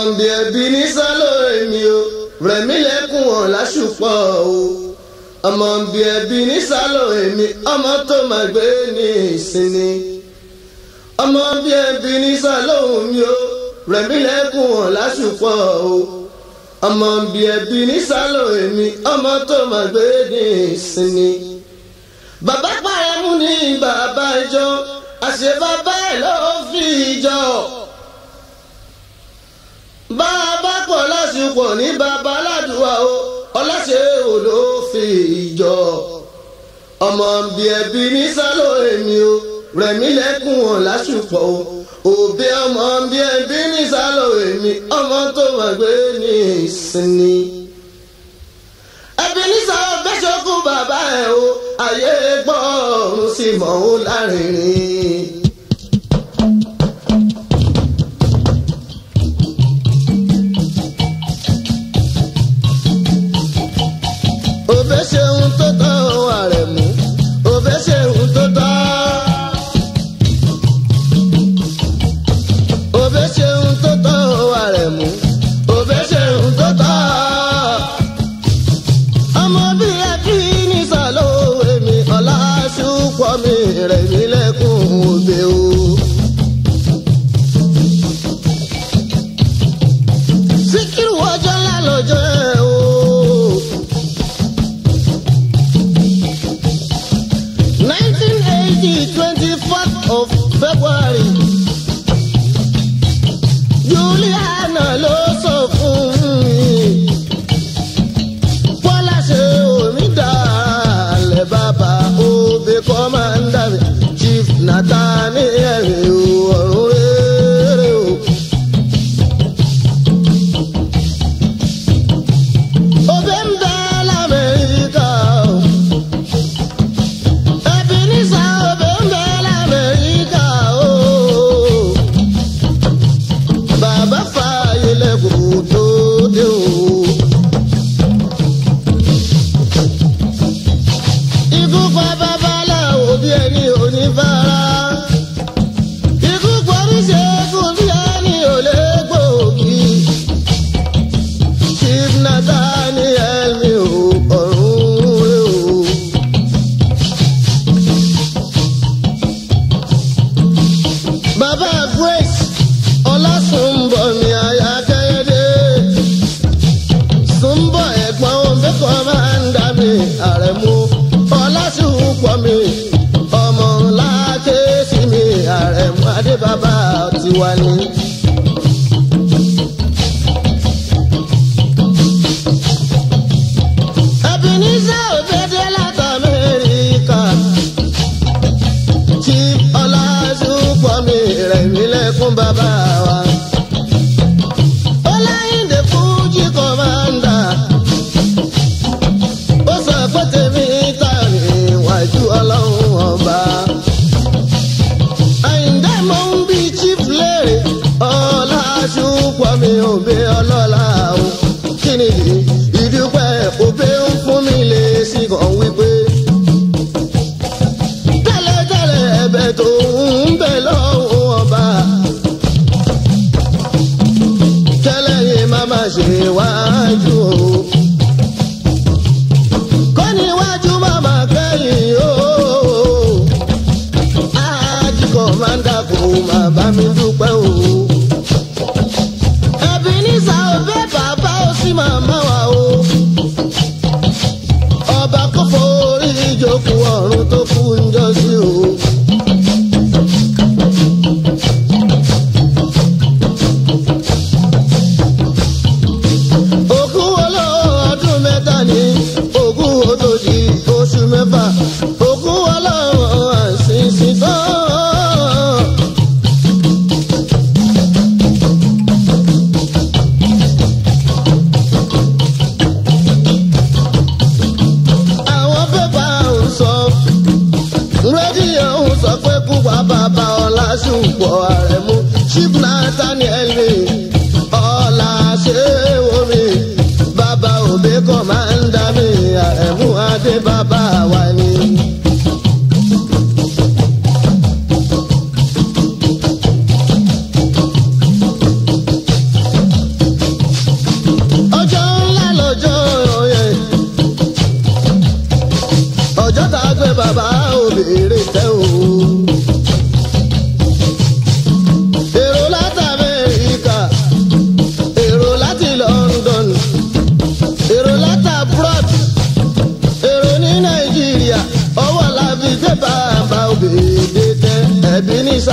ọ̀nbí ẹbí ní sálórè mi o rẹ̀mí lẹ́kùn wọn láṣùpọ̀ o ọmọ ọ̀nbí ẹbí ní sálórè mi ọmọ tó máa gbé ní ìsinmi ọmọ ọ̀nbí ẹbí ní sálórè mi o rẹ̀mí lẹ́kùn wọn láṣùpọ̀ o ọmọ ọ̀nbí ẹbí ní sálórè mi ọmọ tó máa gbé ní ìsinmi bàbá pàrọ̀ mú ní bàbá ìjọ àṣẹ bàbá ẹ̀ lọ́ọ́ fi ìjọ bá a bá pọ̀ lásìkò ní bàbá aládùúwà o ọlọ́sẹ̀ ò ló fi ìjọ ọmọ bí ẹbí ní sálọ èmi o rẹ̀mí lẹ́kùn wọn lásìkò o òbí ọmọ bí ẹbí ní sálọ èmi ọmọ tó wà gbé ní ìsinmi. ẹbí ní sálọ bẹ́sẹ̀ fún bàbá ẹ̀ o àyè gbọ́ ọ̀run sí mọ́ ó lárinrin. comba bawa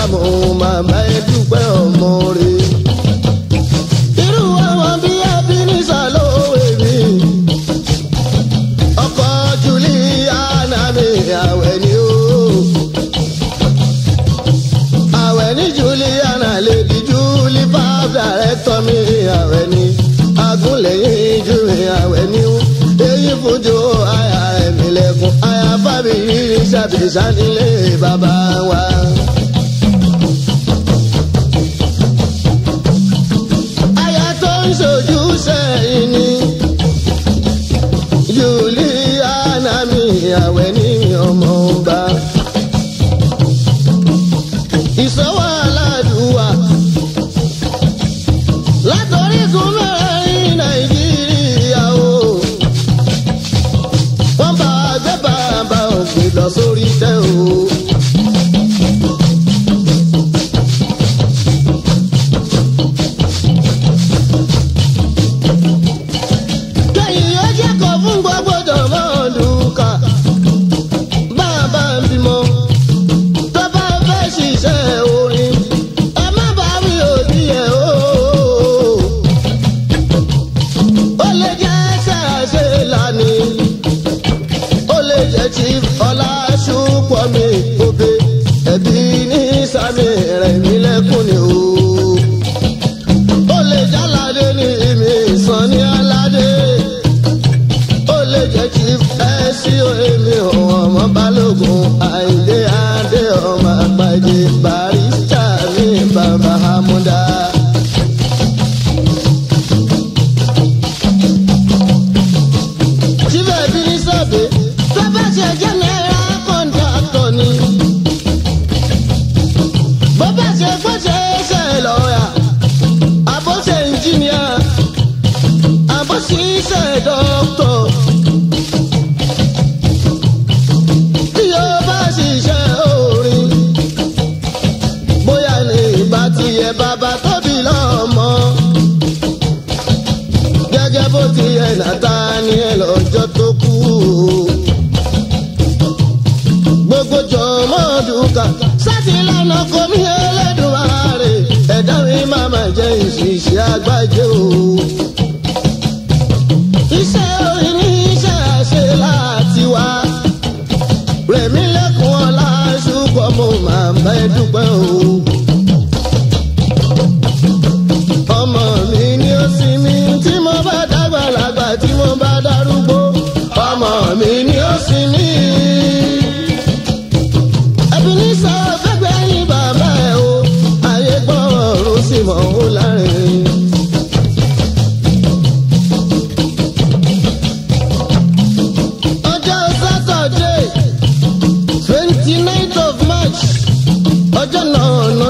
màmú màmá ẹ dúpẹ́ ọmọ rẹ. irú àwọn bí abínísà ló wèmí ọkọ Juliana mi àwẹ̀ ni ó àwẹ̀ ni Juliana lè di Julie five director mi àwẹ̀ ni agúnlẹ̀yìn jù àwẹ̀ ni ó èyí fún jò àyà ẹ̀mí lẹ́kùn àyà fábíyí ṣàbíṣà nílé bàbá wa.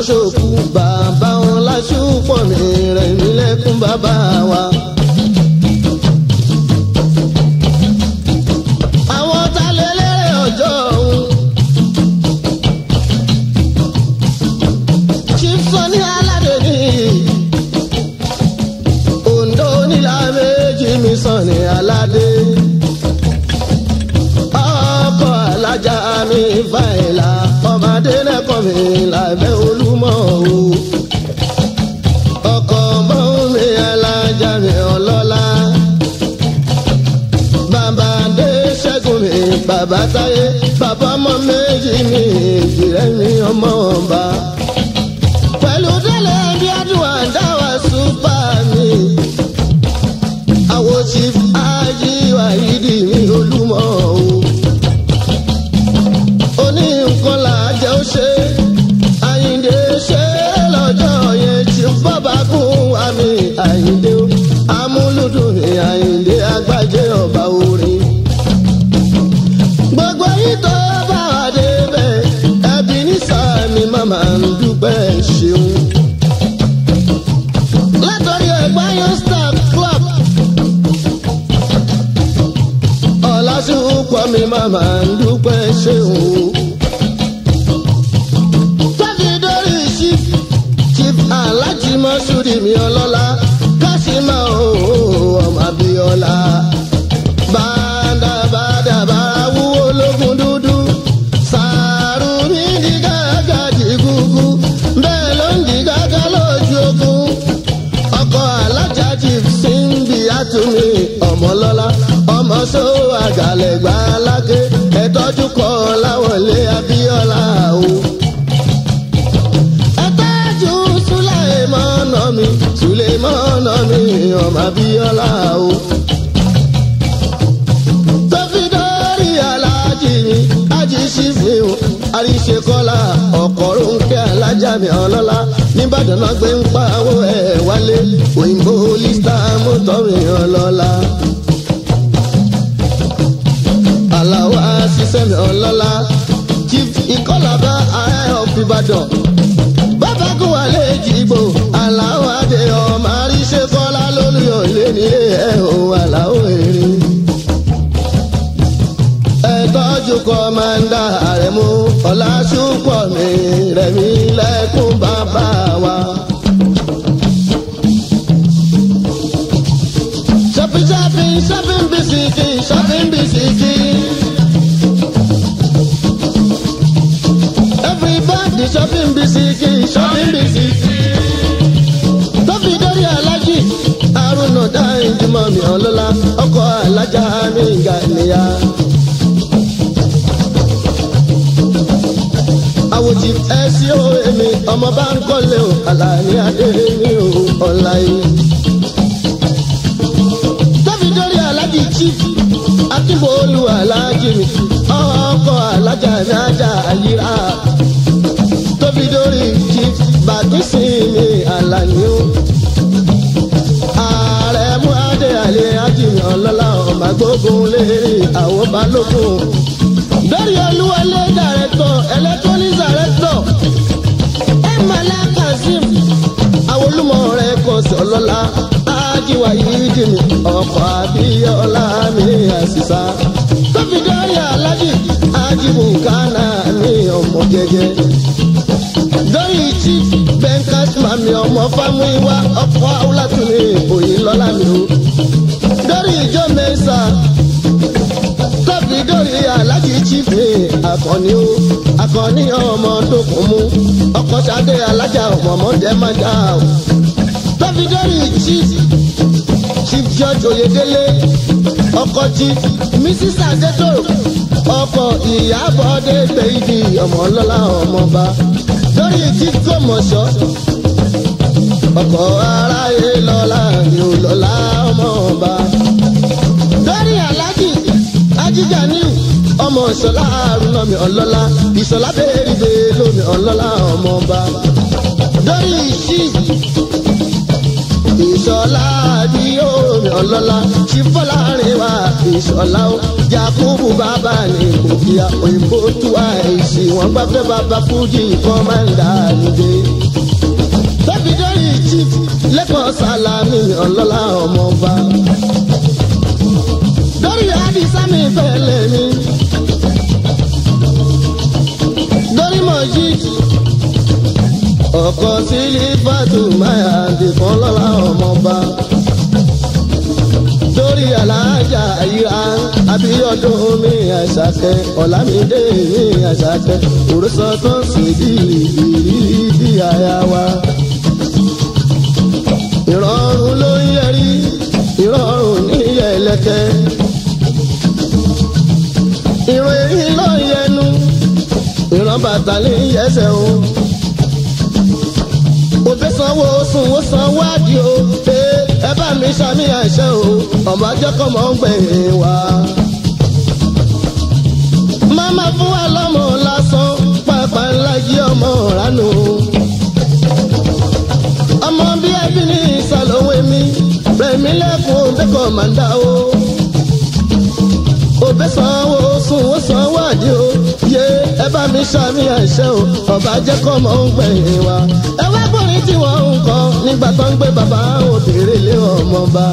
ṣòkú bàbá wọn láṣù pọ̀ mi rẹ̀ nílẹ̀kùn bàbá wa. mi ọmọ Abíọ́lá o. tó fi dórí aláàjì mi ájì sí fi o àríṣekọ́lá ọ̀kọ́ Rónkẹ́ alájà mi ọlọ́lá nìbàdàn náà gbé ń pawó ẹ̀ wálé òyìnbó lista mọ́tò mi ọlọ́lá. aláwa ṣiṣẹ́ mi ọlọ́lá chief ìkọlà bá ààrẹ ọ̀fìbàdàn. pé nílé ẹ ò àlàó èrè. ẹ tọ́jú kọ́mándà Àrẹ̀mú Ọláṣùpọ̀ mi rẹ̀mí lẹ́kùn bàbá wa. shopping shopping shopping bisiki shopping bisiki. Everybody shopping bisiki shopping bisiki. mi ọlọ́lá ọkọ alájà mi ga níyà. àwòjì ẹ sí o èmi ọmọ bá ń kọ́lé o àlàní adé mi ò ọ̀la yìí. dáfídọ́rì alájì chief akínbólú alájì mi ọkọ alájà mi ajá àyíra tóbi dórí chief bàtúnṣe mi àlàní o. ọlọ́lá ọba gbógun lé àwọn balógun. lórí olúwalé dàrẹ́tọ̀ electronic dàrẹ́tọ̀ emala kazeem awolumọ rẹ kọ sọlọ́lá ajiwa yìí dì mí ọkọ̀ abiyọ́lá mi àṣìṣà. tófìdọ́yà aládì ajibukana mi ọmọ gẹ́gẹ́. lórí chief benkas mami ọmọ famuyiwa ọkọ̀ awúlátúni òyìnlọ́lá mi o lórí ìjọ mẹ́sàn-án tọ́fi dórí aláàjì chiefe akọni o akọni ọmọ tó kún mú ọkọ sadé alájà ọmọ ọmọdé má já o tọ́fi dórí chief george oyedele ọkọ chief mrs adeto ọkọ ìyàbọ̀ dé gbèyìí ọmọ ọlọ́lá ọmọba lórí chief gbọmọṣọ ọ̀pọ̀ aráyé lọ́lá ni olọ́lá ọmọ ọba. lórí aláàjì ajíjà nílùú ọmọ ìṣọlá àrùnà mi ọlọ́lá ìṣọlá bèrèbè lómi ọlọ́lá ọmọ ọba. ìṣí ìṣọlá àdíyó mi ọlọ́lá ti fọ́lá rìn wá ìṣọlá ó Yakubu bàbá ní kòkíyà òyìnbó tú àìsí wọn gbàgbé bàbá fújì kọ́mándà nìdé chief lẹ́kọ̀ọ́ sàlámì ọlọ́lá ọmọọba. dórí àdìsá mi fẹ́lẹ̀ mi. dórí mojid ọkọ̀ sílí fàtúmáyà dìbọn lọ́lá ọmọọba. dórí alájà ayíra abiyọdún mi àṣàkẹ́ ọ̀làmídé mi àṣàkẹ́ òrùsọ tó ń sèdí ìrírí àyà wa ìrọ̀rùn ló ń yẹrí ìrọ̀rùn ní yẹlẹ́kẹ́. ìran èyí ló ń yẹnu ìran bàtà lè yẹsẹ̀ o. òbí sanwó sùn ó san wádìí o ẹ bá mi ṣàmì àìṣe o ọmọ ajẹ́kọ̀ọ́ mọ̀ ń gbẹ̀yìn wá. máma fún wa lọ́mọ lásán pàápàá ńlá yí ọmọ ránú. ọmọ bí ẹbí ni rẹ̀mí lẹ́kùn òǹdẹ́kọ̀ máa ń dá o. òbẹ́ sanwó sunwó sanwó àdí o yé ẹ bá mi ṣàmì àìṣẹ́ o ọba jẹ́ kọ́ mọ́ ń gbẹ̀yìn wa. ẹ wá gbọ́rin tí wọ́n ń kọ́ nígbà tó ń gbé bàbá obìnrin lé ọmọ bá.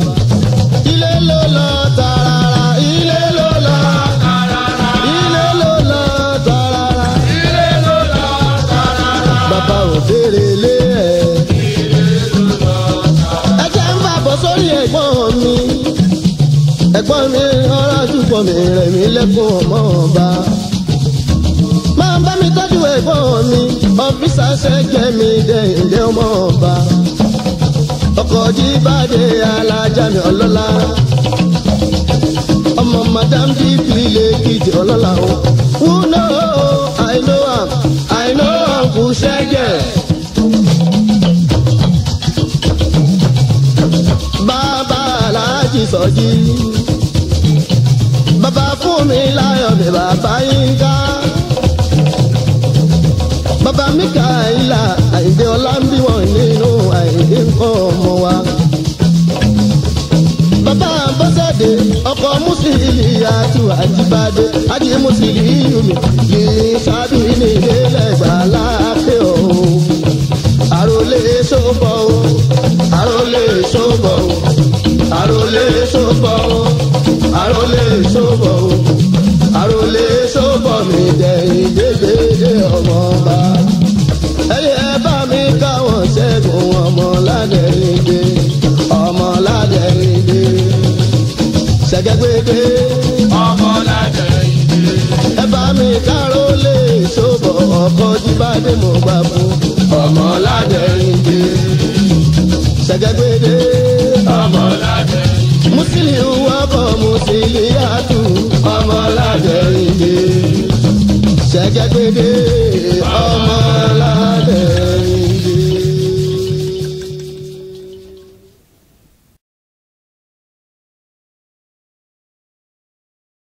mi mí lẹ́kùn ọmọ ọba. máa bá mi tọ́jú ẹ̀gbọ́n mi ọ́fíìsà ṣẹ́jẹ́ mi dẹ̀yìndé ọmọ ọba. ọkọ̀ jíbádé alájà mi ọlọ́lá. ọmọ madam dp lè kìjì ọlọ́lá o. who know i know am i know am kù ṣẹ́jẹ́. bàbá aláàjì sọjí. So mi láyọ̀ mi bàbá yín ká. bàbá mi kà àìlà àìdè ọlá ń bí wọn nínú àìdè nǹkan ọmọ wa. bàbá bọ́sẹ̀dé ọkọ̀ mùsùlùmí àti àjíbádé àti mùsùlùmí yìí ṣáájú ilé. ọkọ ojúbádé mo gbà fún ọmọ ládẹ́rìndé ṣẹgẹgbẹdẹ ọmọ ládẹ́rìndé Musiliu ọkọ Musiliyatu ọmọ ládẹ́rìndé ṣẹgẹgbẹdẹ ọmọ ládẹ́rìndé.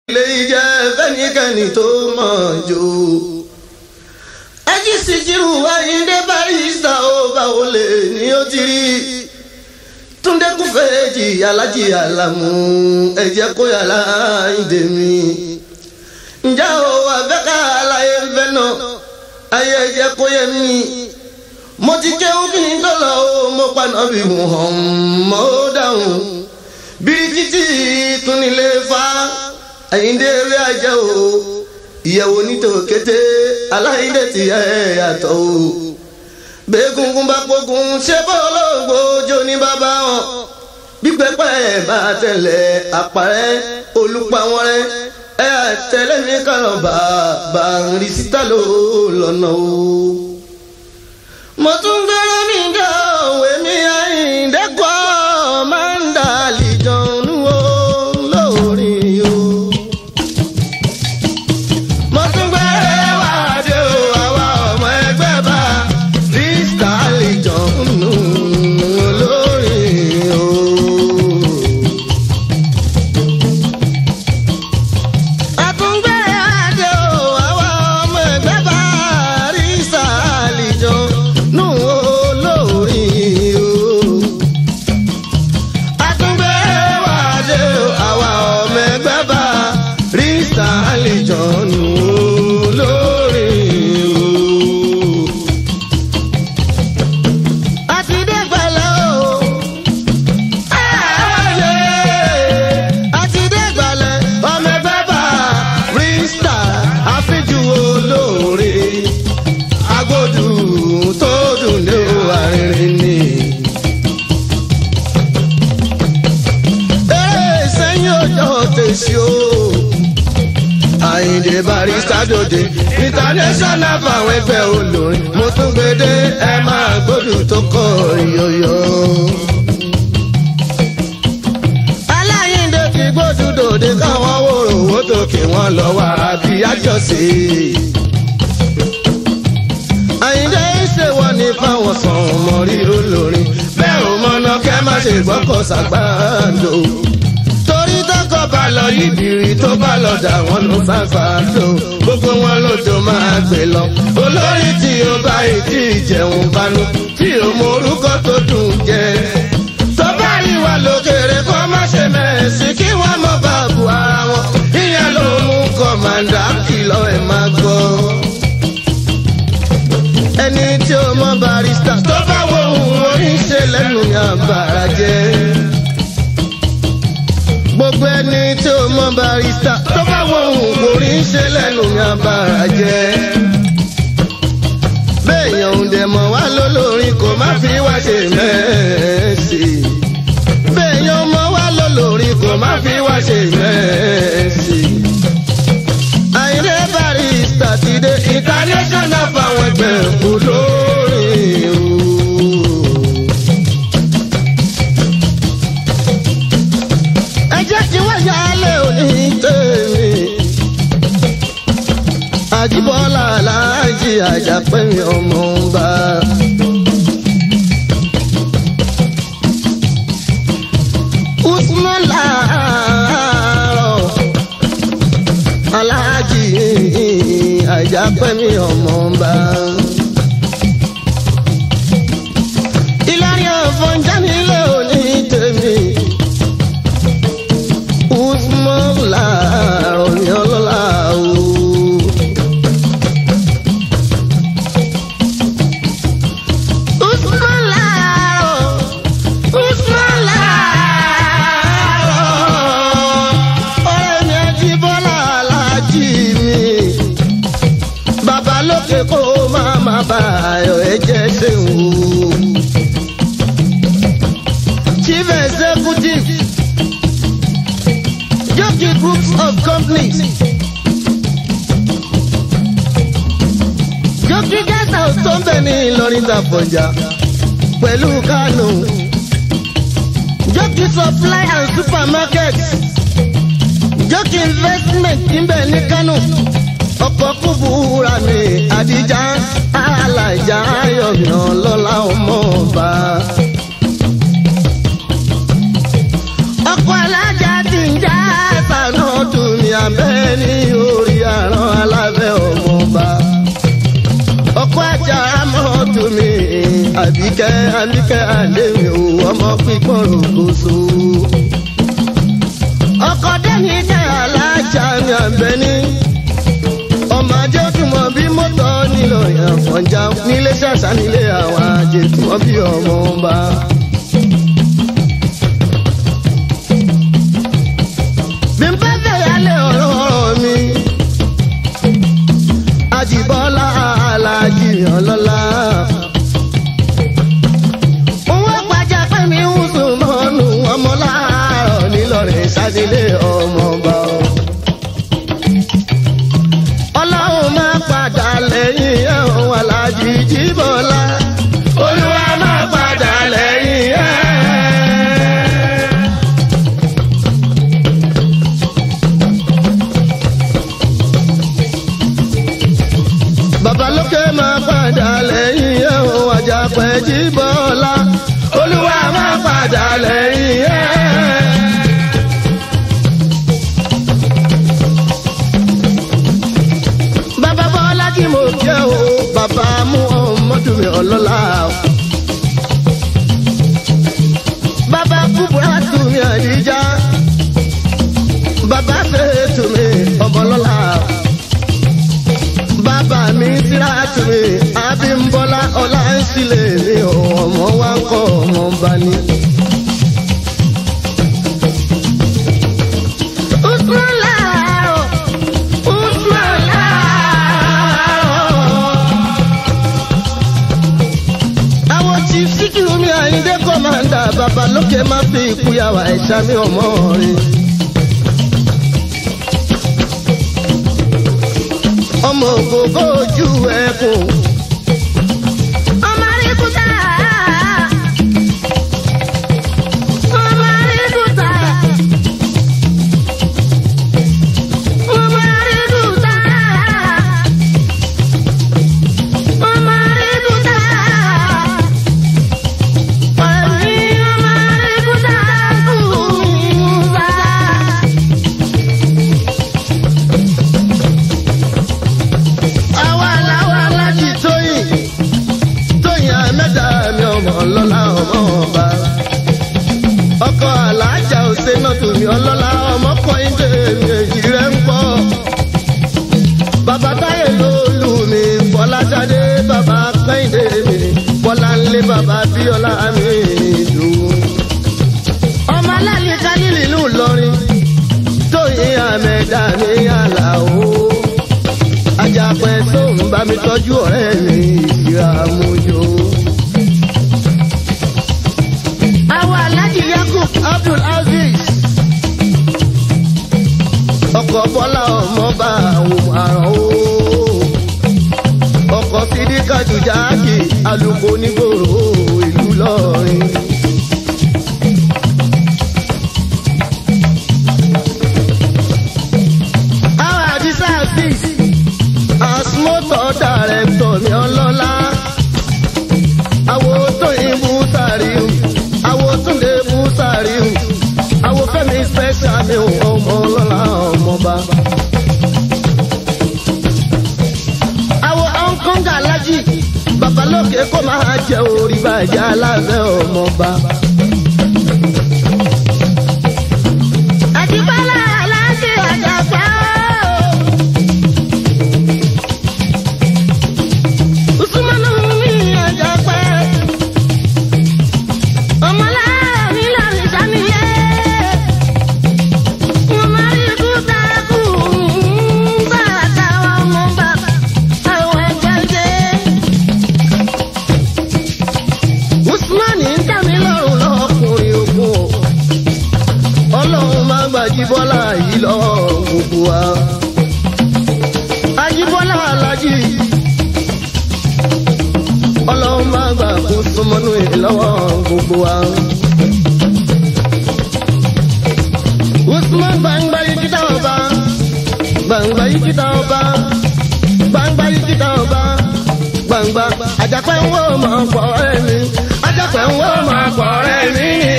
ilé ìjà fẹ́nikẹ́ni tó mọ̀ jò. síkírù ayíǹde barista ọba olè ni ó ti tunde túndé kúfèjì alájì àlàmú ẹ̀jẹ̀ kó yàrá ide mi ǹjẹ́ o àbẹ́ká aláyé alaye fẹ́ náà ayé ẹ̀jẹ̀ ko yẹ mí mo ti kéwú kí n tó lọ o mo paná bí mo hàn mọ́ dáhùn bíríkìtì fa ayinde eré ajá o. ìyẹ̀wò nítorí kété aláìndé ti yẹ yàtọ̀ o. bẹ́ẹ̀gungun bá pogun ṣé bọ́ọ̀lọ́gbò jó ní bàbá wọn. gbígbẹ́pẹ́ ẹ̀ bá tẹ̀lé àpárẹ́ olùpàwọ́n rẹ̀ ẹ̀ àtẹ̀lé mi kàn lọ bá bá ń rí síta ló lọ́nà o. mo tún fẹ́ràn mi dá òwe mi ayé. jọ sí i. àyíndé ìṣèwọ ní fáwọn sàn mọ ríro lórin bẹ́ẹ̀ ò mọ̀nà kẹ́ má ṣe gbọ́kọ̀ ṣàgbàdo. torí tọkọ bá lọ yíbiri tó bá lọ dà wọ́n ló fàfà tó gbogbo wọn lòdò máa gbé lọ. olórí tí o bá ìdí ìjẹun banú tí o mọ orúkọ wọn barista tó bá wọn ò kórí ń ṣe lẹ́nu ní abàrà jẹ́. béèyàn ń dẹ̀ mọ̀ wá lólórin kò má fi wá ṣe mẹ́ẹ̀ẹ́sì. béèyàn mọ̀ wá lólórin kò má fi wá ṣe mẹ́ẹ̀ẹ́sì. àìrẹ́ barista ti dé international fáwọn ẹgbẹ́ kúlóò. executive give groups of companies give get out house tó ń bẹ ní Ìlọrin tàfọ̀njà pẹ̀lú Kánò give supply and supermarket give investment ń bẹ ní Kánò ọkọ̀ kúbúra ní Àdìjà alájà ayọ̀nà lọ́la ọmọ ọba. èèyàn bẹ́ẹ̀ ní orí àrán alábẹ́ ọmọọba. ọkọ ajá amọ̀tò mi àbíkẹ́ àbíkẹ́ àlémi ò ọmọ pípọ́n rògbòso. ọkọ dẹ́ni jẹ́ alájà mi àbẹ́ni. ọmọ ajé òfìmọ̀ bí mọ́tò nílò ìyànfọ̀njá nílé ṣàṣà nílé àwọn àjètì wọn bí ọmọ ọba. sílẹ̀ lé ọmọ wa kọ́ ọmọ bá ní. babalókè má fi ìkúyàwó àìsàn mi ọmọ rẹ. ọmọ ògògó ojú ẹkùn. bàbá bíọ́lá mi ọmọ aláàlí kálílì ìlú ìlọrin tóyìn àmẹ́dá ní àlàó. ajapẹ́ tó ń bá mi tọ́jú ọ̀rẹ́ mi ìṣirà mojo. àwọn aláàjì yakub abdul aziz ọkọ̀ bọ́lá ọmọ bá àwọn àrùn ó bọ́ sídìí kájú jákè alùpùpù onígbòrò ìlú lọ́rin. aláṣẹ orí bàjẹ́ aláṣẹ ọmọba. gbangba àjàpẹ́ ń wò mọ̀ pọ̀ rẹ̀ mi àjàpẹ́ ń wò mọ̀ pọ̀ rẹ̀ mi ni.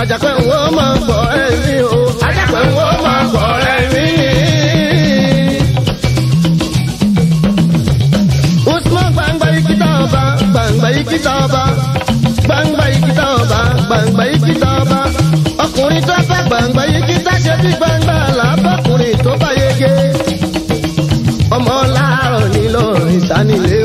àjàpẹ́ ń wò mọ̀ pọ̀ rẹ̀ mi o àjàpẹ́ ń wò mọ̀ pọ̀ rẹ̀ mi ni. Usman gbangba ikita ọba gbangba ikita ọba gbangba ikita ọba gbangba ikita ọba ọkùnrin tó bá gbangba ikita ṣe bí gbangba. 打你！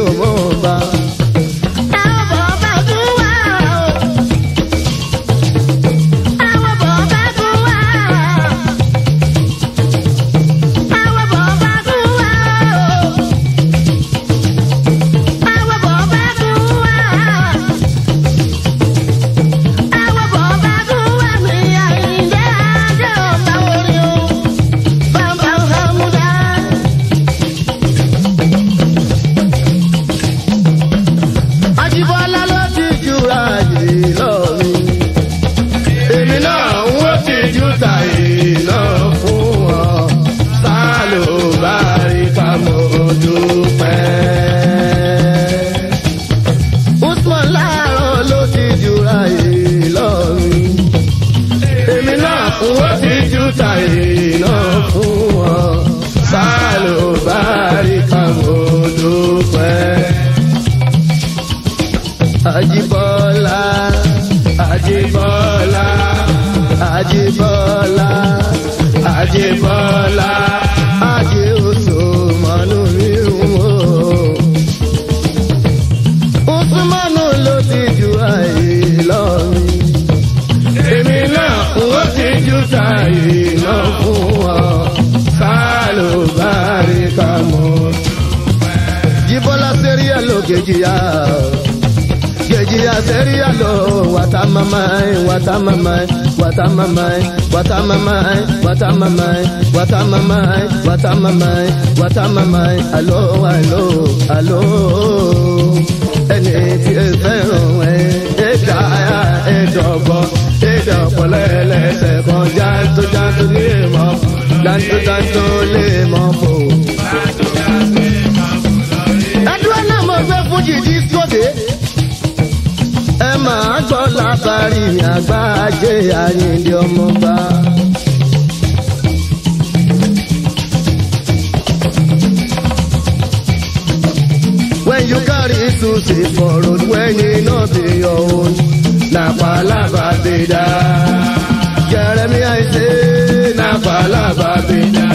watamamae watamamae watamamae watamamae watamamae watamamae watamamae watamamae alo alo alo ẹni tí ẹ fẹ́ràn ẹ ẹ dá ẹ dọ̀gbọ́ ẹ dọ̀gbọ́ lẹ́lẹ́sẹ̀ kan jántó jántó ní èèmọ̀ jántó jántó lè mọ̀ fò. ẹdúrà náà mo fẹ́ fún jìjì Bàbáṣárì àgbà ajé Àyìndé ọmọba. When you carry success for road when e no be your own, na palava be that. Jeremiah I say na palava be that.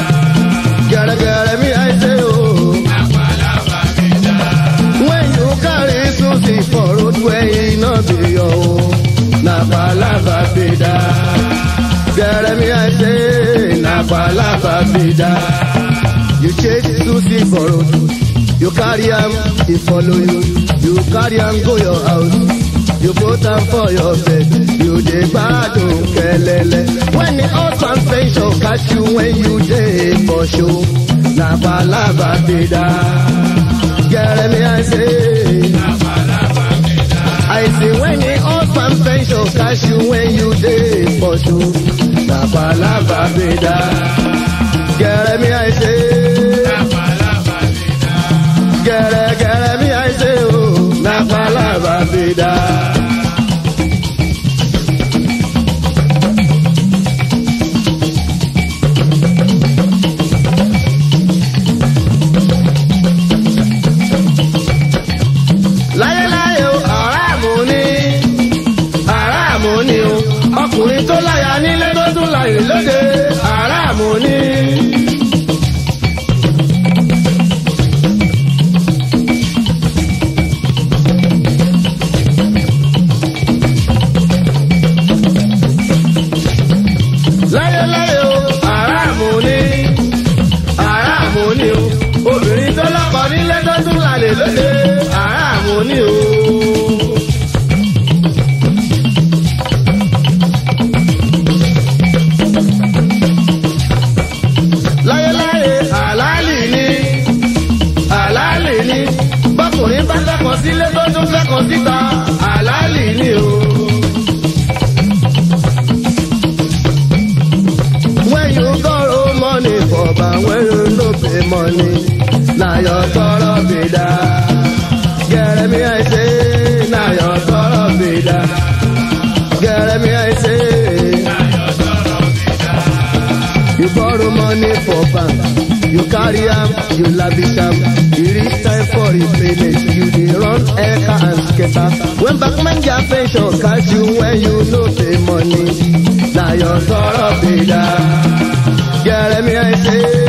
for road where he not be your own na palava vida. Jeremiah say na palava vida. You chase Susie for road, you carry him, he follow you. You carry him go your house, you put him for your bed. You dey gbadun kelele. When the husband pension catch you when you dey for show, na palava vida. Jeremiah say I see when he convention catch you when you dey for shoe. Na palava be dat. Gẹ̀rẹ́ mi àì ṣe. Na palava be dat. Gẹ̀rẹ́ gẹ̀rẹ́ mi àì ṣe o. Na palava be dat. sọ̀rọ̀ bìdá. Gẹ̀rẹ́ mi ẹ̀ ṣe é.